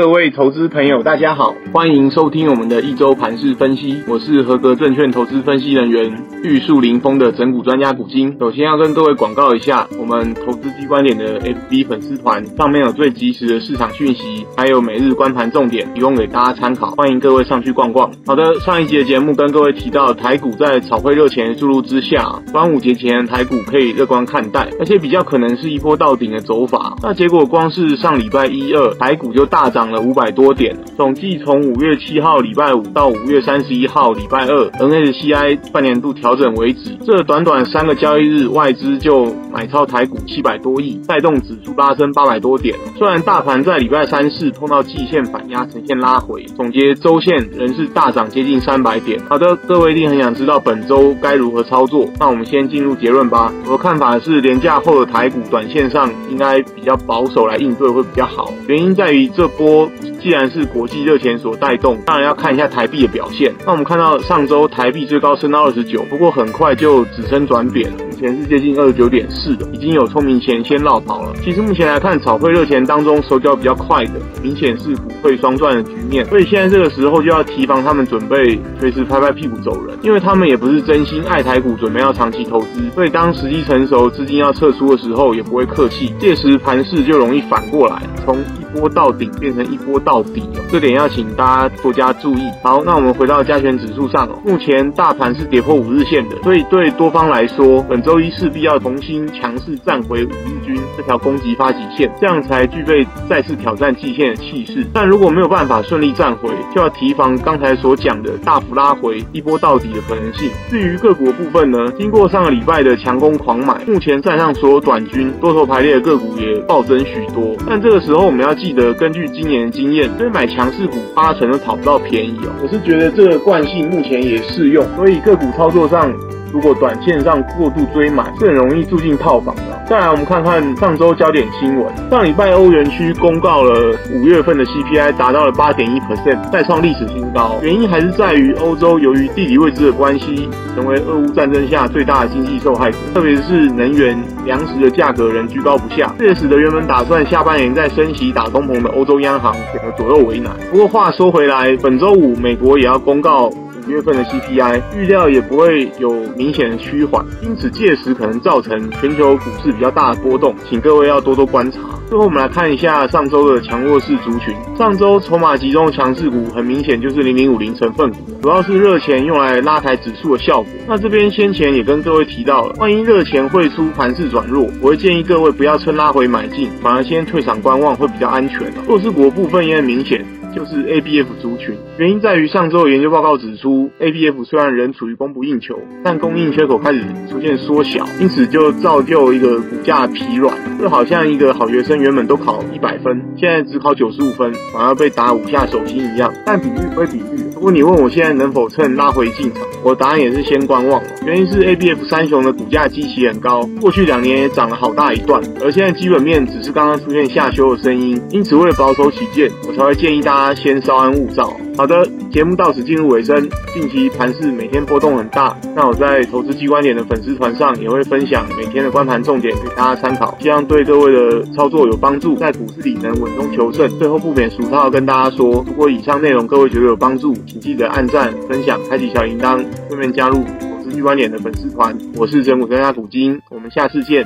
各位投資朋友，大家好，歡迎收聽我們的一周盤勢分析。我是合格證券投資分析人員玉樹臨風的整股專家古今。首先要跟各位廣告一下，我們投資 G 觀點的 FB 粉絲團上面有最及時的市場訊息，還有每日觀盤重點，提供給大家參考。歡迎各位上去逛逛。好的，上一集的節目跟各位提到，台股在炒匯熱錢注入之下，端午節前台股可以樂觀看待，而且比較可能是一波到頂的走法。那結果光是上禮拜一二，台股就大漲。了五百多點，總計從五月二十七號禮拜五到五月三十一號禮拜二，MSCI 半年度調整為止，這短短三個交易日，外資就買超台股七百多億，帶動指數拉升八百多點。雖然大盤在禮拜三四碰到季線反壓，呈現拉回。總結周線仍是大漲接近三百點。好的，各位一定很想知道本周該如何操作。那我們先進入結論吧。我的看法是，連假後的台股短線上應該比較保守來應對會比較好。原因在於這波既然是國際熱錢所帶動，當然要看一下台幣的表現。那我們看到上周台幣最高升到二十九，不過很快就止升轉貶。錢是接近二十九點四的，已經有聰明錢先落跑了。其實目前來看，炒匯熱錢當中手腳比較快的，明顯是股匯雙賺的局面。所以現在這個時候就要提防他們準備隨時拍拍屁股走人，因為他們也不是真心愛台股，準備要長期投資。所以當時機成熟，資金要撤出的時候，也不會客氣。屆時盤勢就容易反過來，從一波到頂變成一波到底。這點要請大家多加注意。好，那我們回到加權指數上了，目前大盤是跌破五日線的，所以對多方來說本周週一勢必要重新強勢站回五日均這條攻擊發起線，這樣才具備再次挑戰季線的氣勢。但如果沒有辦法順利站回，就要提防剛才所講的大幅拉回一波到底的可能性。至於個股部分呢，經過上個禮拜的強攻狂買，目前站上所有短均多頭排列的個股也暴增許多。但這個時候我們要記得，根據今年的經驗，追買強勢股八成都討不到便宜哦。我是覺得這個慣性目前也適用，所以個股操作上。如果短線上過度追買，是很容易住進套房的。再來，我們看看上周焦點新聞。上禮拜歐元區公告了五月份的 CPI 達到了八點一 percent，再創歷史新高。原因還是在於歐洲由於地理位置的關係，成為俄烏戰爭下最大的經濟受害者，特別是能源、糧食的價格仍居高不下，這也使得原本打算下半年再升息打通膨的歐洲央行顯得左右為難。不過話說回來，本周五美國也要公告。月份的 CPI 預料也不會有明顯的趨緩，因此屆時可能造成全球股市比較大的波動，請各位要多多觀察。最後我們來看一下上周的強弱勢族群，上周籌碼集中強勢股很明顯就是零零五零成分股，主要是熱錢用來拉抬指數的效果。那這邊先前也跟各位提到了，萬一熱錢匯出盤勢轉弱，我會建議各位不要趁拉回買進，反而先退場觀望會比較安全了。弱勢股部分也很明顯。就是 A B F 族群，原因在於上周有研究報告指出，A B F 雖然仍處於供不應求，但供應缺口開始出現縮小，因此就造就一個股價疲軟，就好像一個好學生原本都考一百分，現在只考九十五分，反而被打五下手心一樣。但比喻歸比喻。如果你問我現在能否趁能拉回進場，我的答案也是先觀望了。原因是 ABF 三雄的股價基期很高，過去兩年也漲了好大一段，而現在基本面只是剛剛出現下修的聲音，因此為了保守起見，我才會建議大家先稍安勿躁。好的，節目到此進入尾聲。近期盤勢每天波動很大，那我在投資 G 觀點的粉絲團上也會分享每天的觀盤重點給大家參考，希望對各位的操作有幫助，在股市裡能穩中求勝。最後不免俗套，跟大家說，如果以上內容各位覺得有幫助，請記得按讚、分享、開啟小鈴鐺，順便加入投資 G 觀點的粉絲團。我是整股專家古今，我們下次見。